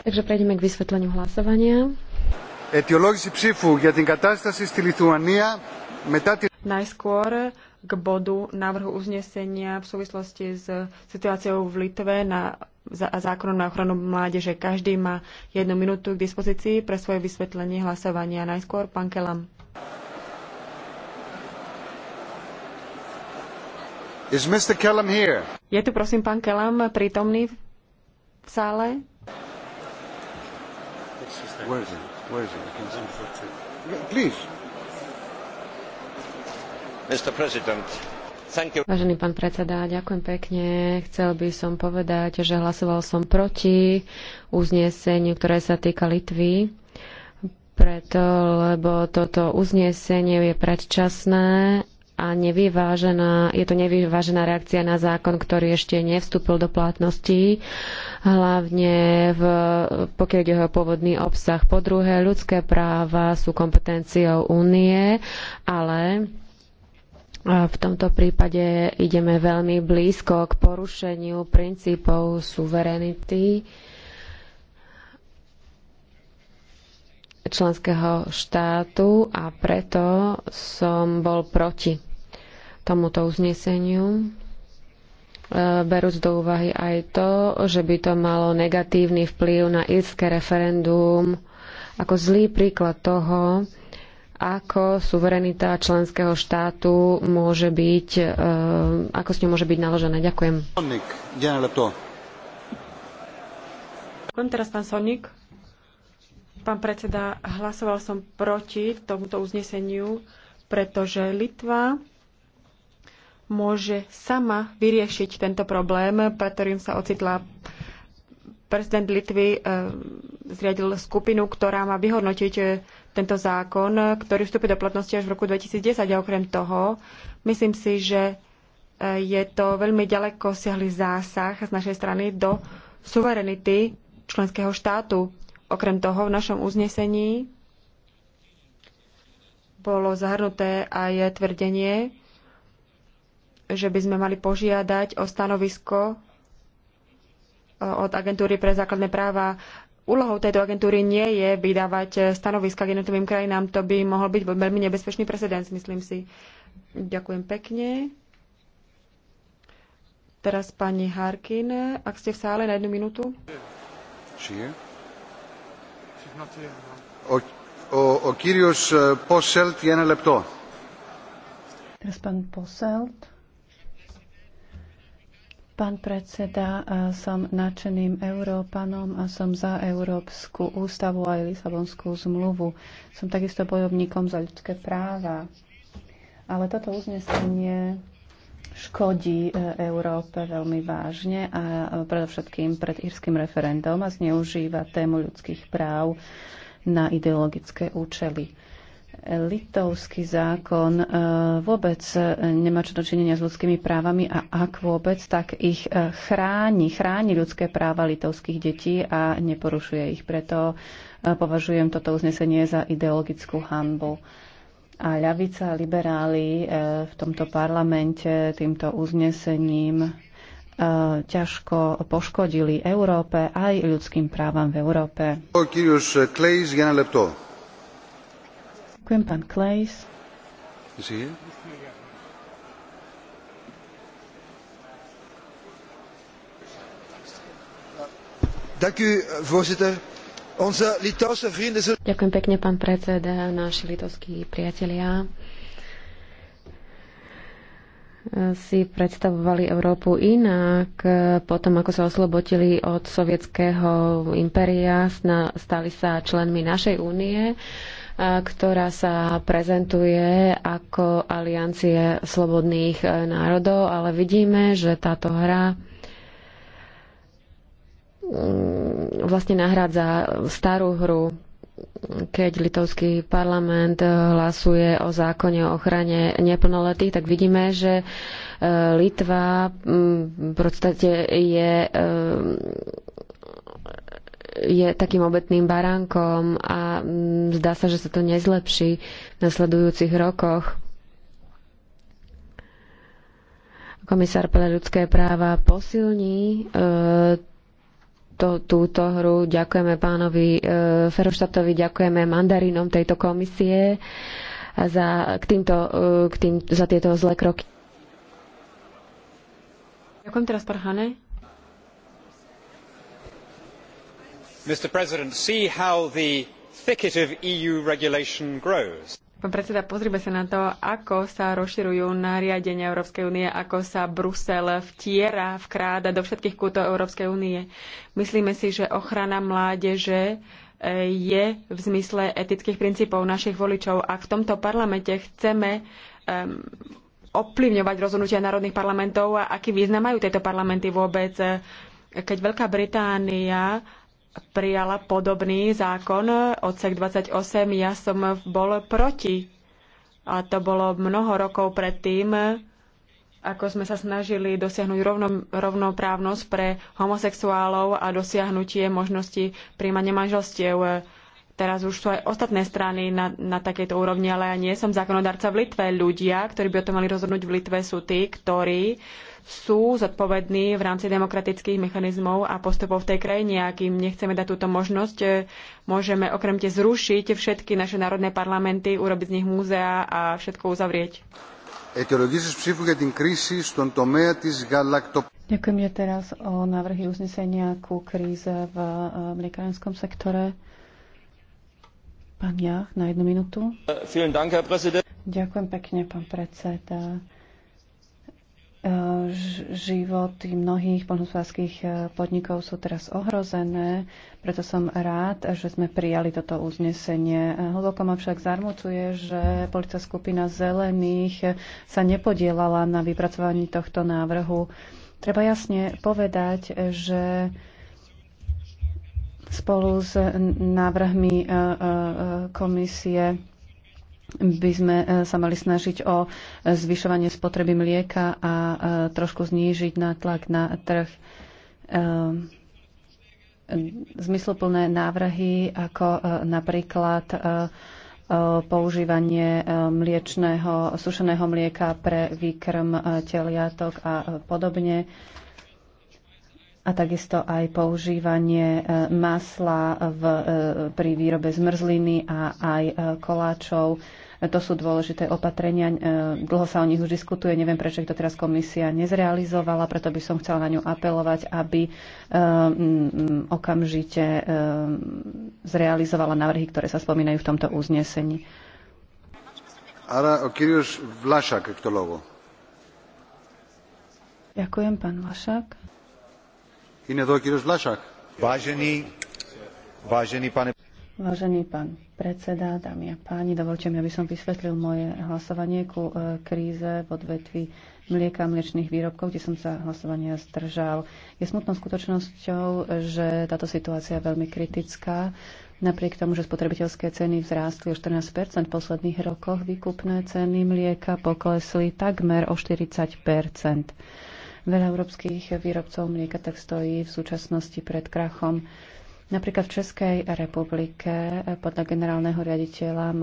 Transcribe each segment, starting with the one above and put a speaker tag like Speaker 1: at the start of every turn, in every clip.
Speaker 1: Takže prejdeme k vysvetleniu hlasovania. Najskôr k bodu návrhu uznesenia v súvislosti s situáciou v Litve na a zákonom na ochranu mládeže. Každý má jednu minútu k dispozícii pre svoje vysvetlenie hlasovania. Najskôr pán Kelam.
Speaker 2: Is Mr. here?
Speaker 1: Je tu prosím pán Kellam prítomný v sále?
Speaker 2: Where is he? Where is he? Please. Mr. President,
Speaker 3: Vážený pán predseda, ďakujem pekne. Chcel by som povedať, že hlasoval som proti uzneseniu, ktoré sa týka Litvy, preto, lebo toto uznesenie je predčasné a nevyvážená, je to nevyvážená reakcia na zákon, ktorý ešte nevstúpil do platnosti, hlavne v, pokiaľ ide o pôvodný obsah. Po druhé, ľudské práva sú kompetenciou únie, ale v tomto prípade ideme veľmi blízko k porušeniu princípov suverenity členského štátu a preto som bol proti tomuto uzneseniu, e, berúc do úvahy aj to, že by to malo negatívny vplyv na írske referendum ako zlý príklad toho, ako suverenita členského štátu môže byť, e, ako
Speaker 1: s ňou môže byť naložená. Ďakujem.
Speaker 2: Ďakujem
Speaker 1: teraz, pán Sonik. Pán predseda, hlasoval som proti tomuto uzneseniu, pretože Litva môže sama vyriešiť tento problém, pre ktorým sa ocitla prezident Litvy eh, zriadil skupinu, ktorá má vyhodnotiť eh, tento zákon, ktorý vstúpi do platnosti až v roku 2010. A okrem toho, myslím si, že eh, je to veľmi ďaleko siahly zásah z našej strany do suverenity členského štátu. Okrem toho, v našom uznesení bolo zahrnuté aj tvrdenie, že by sme mali požiadať o stanovisko e, od agentúry pre základné práva. Úlohou tejto agentúry nie je vydávať e, stanoviska k jednotlivým krajinám. To by mohol byť veľmi nebezpečný precedens, myslím si. Ďakujem pekne. Teraz pani Harkin, ak ste v sále na jednu minútu.
Speaker 2: Či je? No. O, o, o Kyrius e, Poselt, jeden lepto.
Speaker 4: Teraz pán Poselt. Pán predseda, som nadšeným Európanom a som za Európsku ústavu a aj Lisabonskú zmluvu. Som takisto bojovníkom za ľudské práva. Ale toto uznesenie škodí e, Európe veľmi vážne a e, predovšetkým pred írským referendom a zneužíva tému ľudských práv na ideologické účely litovský zákon e, vôbec e, nemá čo dočinenia s ľudskými právami a ak vôbec, tak ich e, chráni, chráni ľudské práva litovských detí a neporušuje ich. Preto považujem toto uznesenie za ideologickú hanbu. A ľavica a liberáli v tomto parlamente týmto uznesením ťažko poškodili Európe aj ľudským právam v Európe. Ďakujem, pán Klejs.
Speaker 2: Žije?
Speaker 3: Ďakujem pekne, pán predseda, naši litovskí priatelia si predstavovali Európu inak. Potom, ako sa oslobodili od sovietského impéria, stali sa členmi našej únie ktorá sa prezentuje ako aliancie slobodných e, národov, ale vidíme, že táto hra mm, vlastne nahrádza starú hru, keď litovský parlament e, hlasuje o zákone o ochrane neplnoletých, tak vidíme, že e, Litva v podstate je je takým obetným baránkom a mm, zdá sa, že sa to nezlepší v nasledujúcich rokoch. Komisár pre ľudské práva posilní e, to, túto hru. Ďakujeme pánovi e, Feroštatovi, ďakujeme mandarinom tejto komisie za, k týmto, e, k tým, za tieto zlé kroky.
Speaker 1: Ďakujem teraz, pán Hane.
Speaker 2: Mr. President, see how the thicket of EU regulation grows.
Speaker 1: Pán predseda, pozrime sa na to, ako sa rozširujú nariadenia Európskej únie, ako sa Brusel vtiera, vkráda do všetkých kútov Európskej únie. Myslíme si, že ochrana mládeže e, je v zmysle etických princípov našich voličov. A v tomto parlamente chceme um, ovplyvňovať rozhodnutia národných parlamentov a aký význam majú tieto parlamenty vôbec, e, keď Veľká Británia prijala podobný zákon, odsek 28, ja som bol proti. A to bolo mnoho rokov predtým, ako sme sa snažili dosiahnuť rovno, rovnoprávnosť pre homosexuálov a dosiahnutie možnosti príjmania manželstiev. Teraz už sú aj ostatné strany na, na takejto úrovni, ale ja nie som zákonodarca v Litve. Ľudia, ktorí by o tom mali rozhodnúť v Litve, sú tí, ktorí uh, sú zodpovední v rámci demokratických mechanizmov a postupov v tej krajine. Ak im nechceme dať túto možnosť, e, môžeme tie zrušiť všetky naše národné parlamenty, urobiť z
Speaker 4: nich múzea a
Speaker 2: všetko uzavrieť.
Speaker 4: že teraz o návrhy uznesenia ku kríze v e, mliekárenskom sektore. Pán Jach, na jednu minútu. Ďakujem pekne, pán predseda. E, životy mnohých poľnohospodárských e, podnikov sú teraz ohrozené, preto som rád, že sme prijali toto uznesenie. E, hlboko ma však zarmucuje, že politická skupina zelených sa nepodielala na vypracovaní tohto návrhu. Treba jasne povedať, že spolu s návrhmi komisie by sme e, sa mali snažiť o zvyšovanie spotreby mlieka a e, trošku znížiť nátlak na trh. E, zmysluplné návrhy, ako napríklad používanie mliečného, sušeného mlieka pre výkrm teliatok a podobne a takisto aj používanie masla v, pri výrobe zmrzliny a aj koláčov. To sú dôležité opatrenia. Dlho sa o nich už diskutuje. Neviem, prečo ich to teraz komisia nezrealizovala, preto by som chcela na ňu apelovať, aby okamžite zrealizovala návrhy, ktoré sa spomínajú v tomto uznesení.
Speaker 2: Ara, Vlašak,
Speaker 4: Ďakujem, pán Vlašák.
Speaker 2: Vážený,
Speaker 4: pán predseda, dámy a páni, dovolte mi, aby som vysvetlil moje hlasovanie ku e, kríze v odvetvi mlieka a mliečných výrobkov, kde som sa hlasovania zdržal. Je smutnou skutočnosťou, že táto situácia je veľmi kritická. Napriek tomu, že spotrebiteľské ceny vzrástli o 14 v posledných rokoch, výkupné ceny mlieka poklesli takmer o 40 Veľa európskych výrobcov mlieka tak stojí v súčasnosti pred krachom. Napríklad v Českej republike eh, podľa generálneho riaditeľa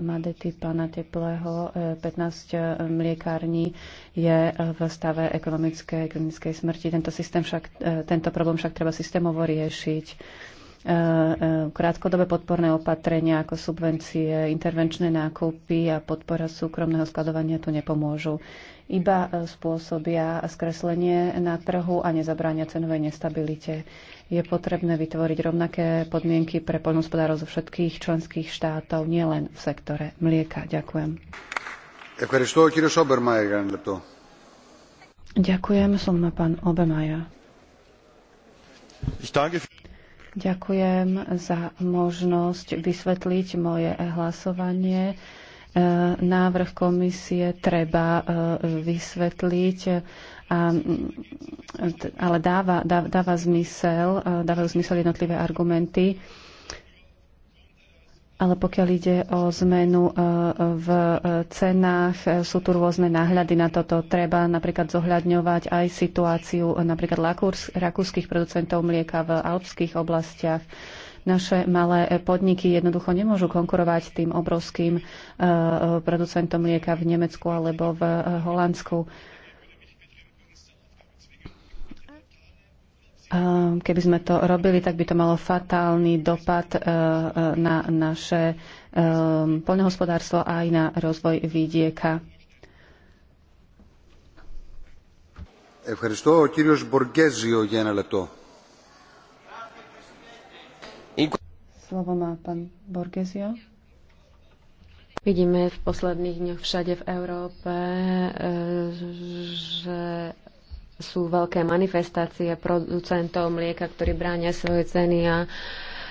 Speaker 4: Madety pána Teplého 15 eh, eh, mliekární je v stave ekonomickej, ekonomickej smrti. Tento, systém však, tento problém však treba systémovo riešiť Eh, krátkodobé podporné opatrenia ako subvencie, intervenčné nákupy a podpora súkromného skladovania tu nepomôžu. Iba eh, spôsobia skreslenie na trhu a nezabránia cenovej nestabilite. Je potrebné vytvoriť rovnaké podmienky pre poľnohospodárov zo všetkých členských štátov, nielen v sektore mlieka. Ďakujem. Ďakujem, som na pán Obemaja. Ďakujem za možnosť vysvetliť moje hlasovanie. E, návrh komisie treba e, vysvetliť, e, ale dáva, dáva, dáva zmysel, dávajú zmysel jednotlivé argumenty. Ale pokiaľ ide o zmenu e, v e, cenách, e, sú tu rôzne náhľady na toto. Treba napríklad zohľadňovať aj situáciu napríklad rakúskych producentov mlieka v alpských oblastiach. Naše malé podniky jednoducho nemôžu konkurovať tým obrovským producentom mlieka v Nemecku alebo v Holandsku Ehm, keby sme to robili, tak by to malo fatálny dopad ehm, na naše ehm, poľnohospodárstvo a aj na rozvoj vidieka. Slovo má pán Borgesio. Vidíme
Speaker 3: v posledných dňoch všade v Európe, že sú veľké manifestácie producentov mlieka, ktorí bránia svoje ceny a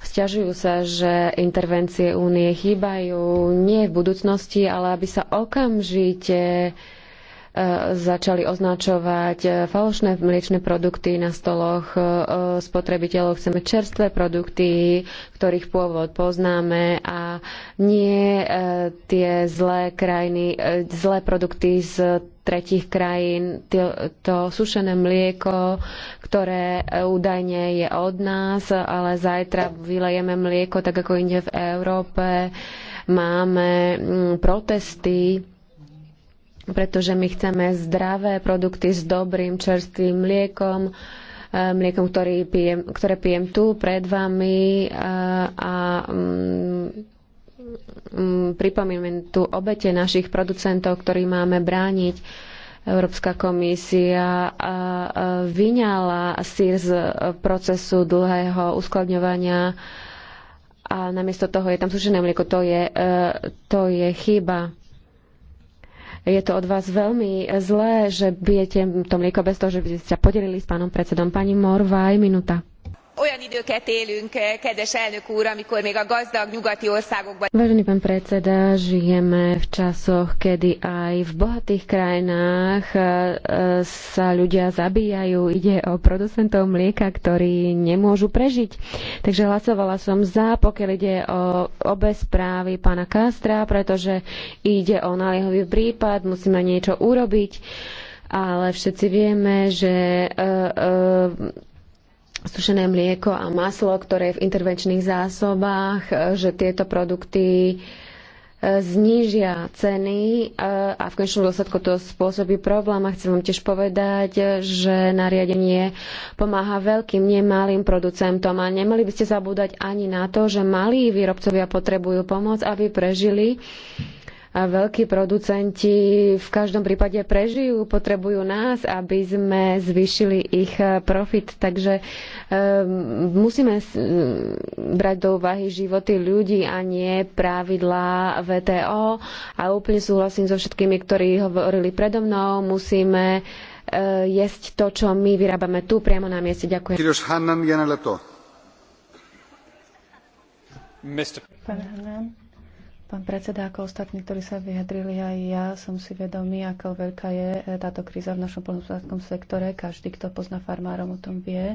Speaker 3: Sťažujú sa, že intervencie únie chýbajú nie v budúcnosti, ale aby sa okamžite E, začali označovať e, falošné mliečne produkty na stoloch e, spotrebiteľov. Chceme čerstvé produkty, ktorých pôvod poznáme a nie tie zlé krajiny, zlé produkty z tretich krajín, to sušené mlieko, ktoré údajne je od nás, ale zajtra vylejeme mlieko tak ako inde v Európe. Máme mm, protesty pretože my chceme zdravé produkty s dobrým čerstvým mliekom, e, mliekom, ktorý pijem, ktoré pijem tu pred vami e, a, a mm, mm, pripomínam tu obete našich producentov, ktorí máme brániť. Európska komisia e, vyňala sír z procesu dlhého uskladňovania a namiesto toho je tam sušené mlieko. To je, to je chyba. Je to od vás veľmi zlé, že bijete to mlieko bez toho, že by ste sa podelili s pánom predsedom. Pani Morvaj, minúta olyan időket élünk, eh, kedves elnök úr, amikor még a gazdag nyugati országokban... Vážený pán predseda, žijeme v časoch, kedy aj v bohatých krajinách eh, eh, sa ľudia zabíjajú. Ide o producentov mlieka, ktorí nemôžu prežiť. Takže hlasovala som za, pokiaľ ide o obe správy pána Kastra, pretože ide o naliehový prípad, musíme niečo urobiť ale všetci vieme, že uh, uh, sušené mlieko a maslo, ktoré je v intervenčných zásobách, e, že tieto produkty e, znížia ceny e, a v končnom dôsledku to spôsobí problém. A chcem vám tiež povedať, že nariadenie pomáha veľkým, nemalým producentom a nemali by ste zabúdať ani na to, že malí výrobcovia potrebujú pomoc, aby prežili a veľkí producenti v každom prípade prežijú, potrebujú nás, aby sme zvýšili ich eh, profit. Takže um, musíme eh, brať do úvahy životy ľudí a nie pravidlá VTO. A úplne súhlasím so všetkými, ktorí hovorili predo mnou. Musíme uh, jesť to, čo my vyrábame tu priamo na mieste. Ďakujem.
Speaker 4: Pán Hanan, Pán predseda, ako ostatní, ktorí sa vyjadrili, aj ja som si vedomý, ako veľká je e, táto kríza v našom poľnohospodárskom sektore. Každý, kto pozná farmárov, o tom vie.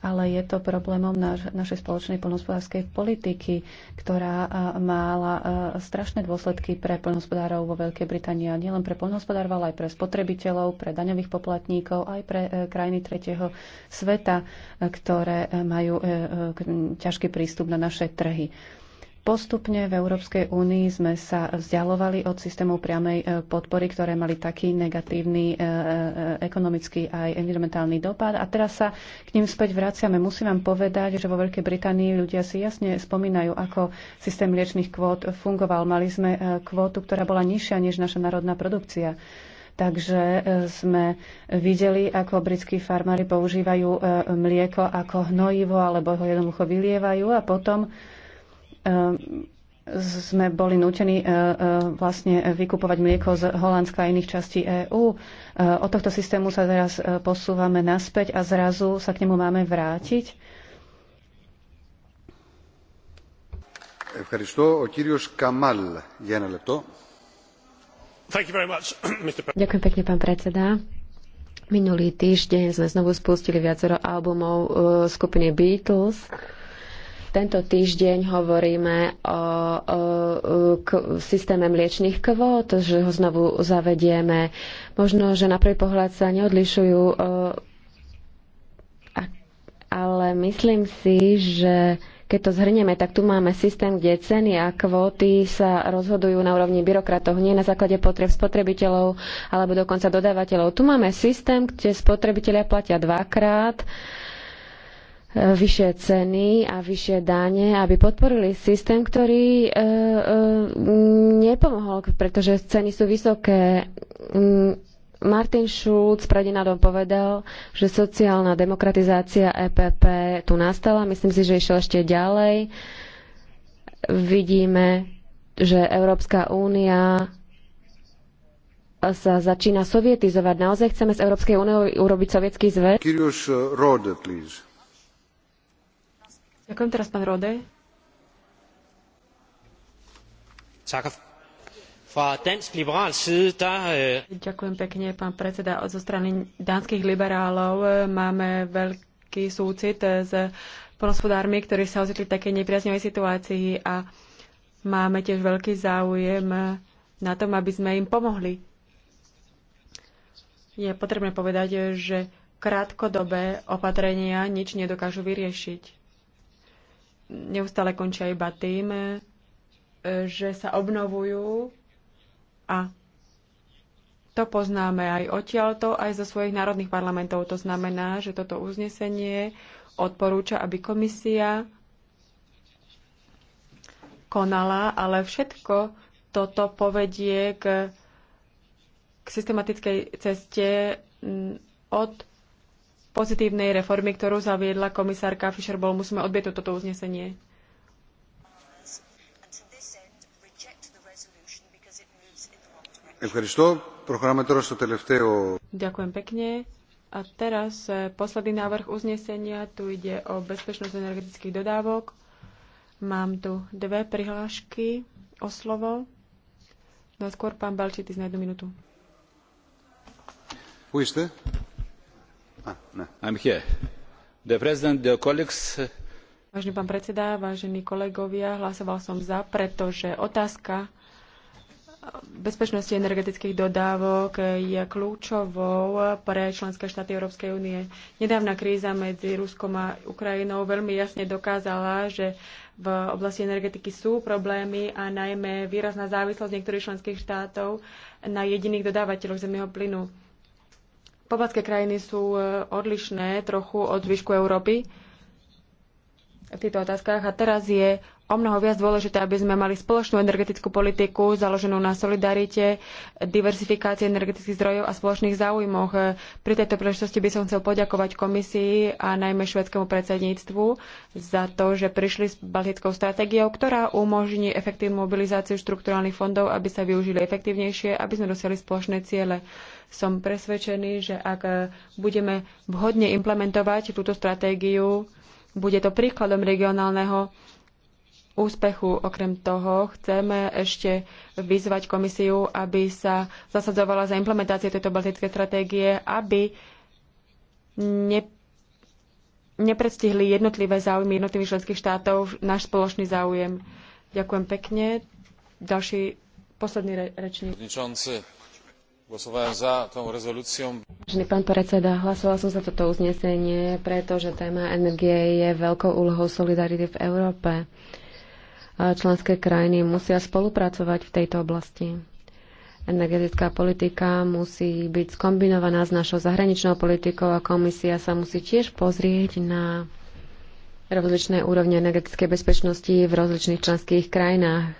Speaker 4: Ale je to problémom naš, našej spoločnej poľnohospodárskej politiky, ktorá e, mala e, strašné dôsledky pre poľnohospodárov vo Veľkej Británii. A nielen pre poľnohospodárov, ale aj pre spotrebiteľov, pre daňových poplatníkov, aj pre krajiny tretieho sveta, ktoré majú ťažký prístup na naše trhy. Postupne v Európskej únii sme sa vzdialovali od systémov priamej e, podpory, ktoré mali taký negatívny e, e, ekonomický aj environmentálny dopad. A teraz sa k ním späť vraciame. Musím vám povedať, že vo Veľkej Británii ľudia si jasne spomínajú, ako systém mliečných kvót fungoval. Mali sme kvótu, ktorá bola nižšia než naša národná produkcia. Takže sme videli, ako britskí farmári používajú mlieko ako hnojivo, alebo ho jednoducho vylievajú a potom Ehm, sme boli nútení e, e, vlastne vykupovať mlieko z Holandska a iných častí EÚ. E, od tohto systému sa teraz posúvame naspäť a zrazu sa k nemu máme vrátiť.
Speaker 3: Ďakujem pekne, pán predseda. Minulý týždeň sme znovu spustili viacero albumov skupiny Beatles. Tento týždeň hovoríme o, o systéme mliečných kvót, že ho znovu zavedieme. Možno, že na prvý pohľad sa neodlišujú, o, a, ale myslím si, že keď to zhrnieme, tak tu máme systém, kde ceny a kvóty sa rozhodujú na úrovni byrokratov, nie na základe potreb spotrebiteľov alebo dokonca dodávateľov. Tu máme systém, kde spotrebitelia platia dvakrát vyššie ceny a vyššie dáne, aby podporili systém, ktorý e, e, nepomohol, pretože ceny sú vysoké. Mm, Martin Schulz pred nádom povedal, že sociálna demokratizácia EPP tu nastala. Myslím si, že išiel ešte ďalej. Vidíme, že Európska únia sa začína sovietizovať. Naozaj chceme z Európskej únie
Speaker 1: urobiť sovietský zväz?
Speaker 2: Rode, please.
Speaker 1: Ďakujem teraz, pán Rode.
Speaker 2: Øh,
Speaker 1: Ďakujem pekne, pán predseda. Zo strany dánskych liberálov e, máme veľký súcit e, s polnospodármi, ktorí sa ocitli v takej nepriaznivej situácii a máme tiež veľký záujem e, na tom, aby sme im pomohli. Je potrebné povedať, že krátkodobé opatrenia nič nedokážu vyriešiť neustále končia iba tým, e, že sa obnovujú a to poznáme aj odtiaľto, aj zo svojich národných parlamentov. To znamená, že toto uznesenie odporúča, aby komisia konala, ale všetko toto povedie k, k systematickej ceste od pozitívnej reformy, ktorú zaviedla komisárka Fischer-Boll. Musíme odbietať toto uznesenie. Ďakujem pekne. A teraz posledný návrh uznesenia. Tu ide o bezpečnosť energetických dodávok. Mám tu dve prihlášky o slovo. Najskôr pán Balčitis na jednu minútu. Ah, Vážený pán predseda, vážení kolegovia, hlasoval som za, pretože otázka bezpečnosti energetických dodávok je kľúčovou pre členské štáty Európskej únie. Nedávna kríza medzi Ruskom a Ukrajinou veľmi jasne dokázala, že v oblasti energetiky sú problémy a najmä výrazná závislosť niektorých členských štátov na jediných dodávateľoch zemného plynu Pobaltské krajiny sú e, odlišné trochu od zvyšku Európy týchto otázkach a teraz je o mnoho viac dôležité, aby sme mali spoločnú energetickú politiku založenú na solidarite, diversifikácii energetických zdrojov a spoločných záujmoch. Pri tejto príležitosti by som chcel poďakovať komisii a najmä švedskému predsedníctvu za to, že prišli s baltickou stratégiou, ktorá umožní efektívnu mobilizáciu štrukturálnych fondov, aby sa využili efektívnejšie, aby sme dosiahli spoločné ciele. Som presvedčený, že ak budeme vhodne implementovať túto stratégiu, bude to príkladom regionálneho úspechu. Okrem toho chceme ešte vyzvať komisiu, aby sa zasadzovala za implementáciu tejto baltické stratégie, aby ne, nepredstihli jednotlivé záujmy jednotlivých členských štátov náš spoločný záujem. Ďakujem pekne. Ďalší posledný
Speaker 2: rečník za Vážený
Speaker 1: pán predseda,
Speaker 3: hlasovala som za toto uznesenie, pretože téma energie je veľkou úlohou solidarity v Európe. Členské krajiny musia spolupracovať v tejto oblasti. Energetická politika musí byť skombinovaná s našou zahraničnou politikou a komisia sa musí tiež pozrieť na rozličné úrovne energetickej bezpečnosti v rozličných členských krajinách e,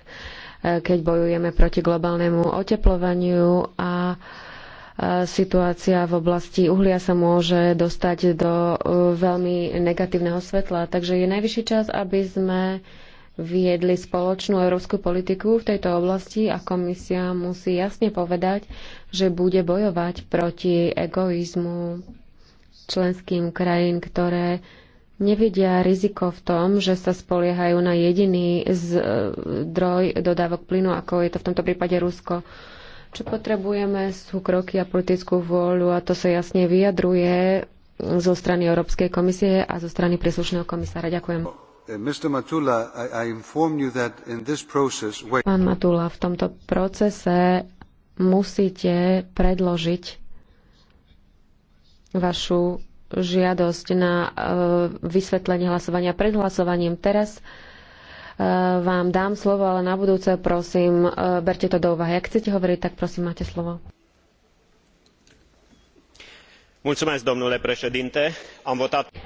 Speaker 3: keď bojujeme proti globálnemu oteplovaniu a E, situácia v oblasti uhlia sa môže dostať do e, veľmi negatívneho svetla. Takže je najvyšší čas, aby sme viedli spoločnú európsku politiku v tejto oblasti a komisia musí jasne povedať, že bude bojovať proti egoizmu členským krajín, ktoré nevidia riziko v tom, že sa spoliehajú na jediný e, zdroj dodávok plynu, ako je to v tomto prípade Rusko. Uh, čo potrebujeme sú kroky a politickú vôľu a to sa jasne vyjadruje zo strany Európskej komisie a zo strany príslušného komisára. Ďakujem.
Speaker 2: Eh, Pán Matula,
Speaker 3: v tomto procese musíte predložiť vašu žiadosť na eh, vysvetlenie hlasovania pred hlasovaním. Teraz Eh, vám dám slovo, ale na budúce prosím, eh, berte to do úvahy. Ak chcete hovoriť, tak prosím, máte slovo.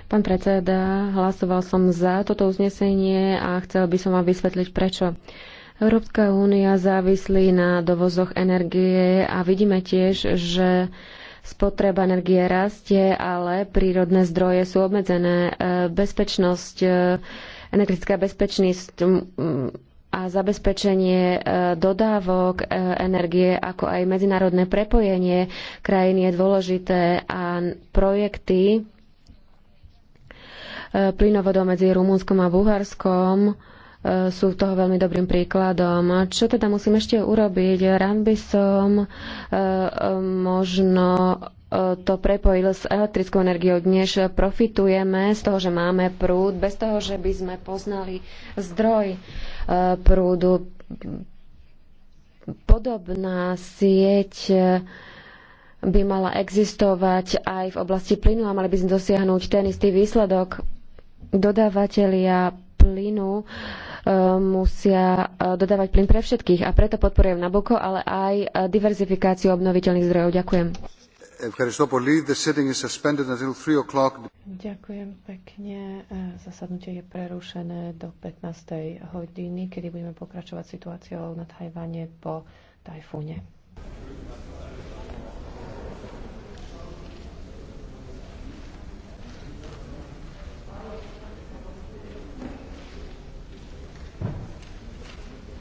Speaker 3: Pán predseda, hlasoval som za toto uznesenie a chcel by som vám vysvetliť prečo. Európska únia závislí na dovozoch energie a vidíme tiež, že spotreba energie rastie, ale prírodné zdroje sú obmedzené. Eh, bezpečnosť energetická bezpečnosť a zabezpečenie e, dodávok e, energie, ako aj medzinárodné prepojenie krajín je dôležité a projekty e, plynovodov medzi Rumunskom a Bulharskom sú toho veľmi dobrým príkladom. Čo teda musím ešte urobiť? Rád by som možno to prepojil s elektrickou energiou. Dnes profitujeme z toho, že máme prúd, bez toho, že by sme poznali zdroj e, prúdu. Podobná sieť e, by mala existovať aj v oblasti plynu a mali by sme dosiahnuť ten istý výsledok. Dodávateľia plynu e, musia dodávať plyn pre všetkých a preto podporujem Nabuko, ale aj diverzifikáciu obnoviteľných zdrojov. Ďakujem.
Speaker 2: Ďakujem
Speaker 4: pekne. E, zasadnutie je prerušené do 15. hodiny, kedy budeme pokračovať situáciou na Tajvane po tajfúne.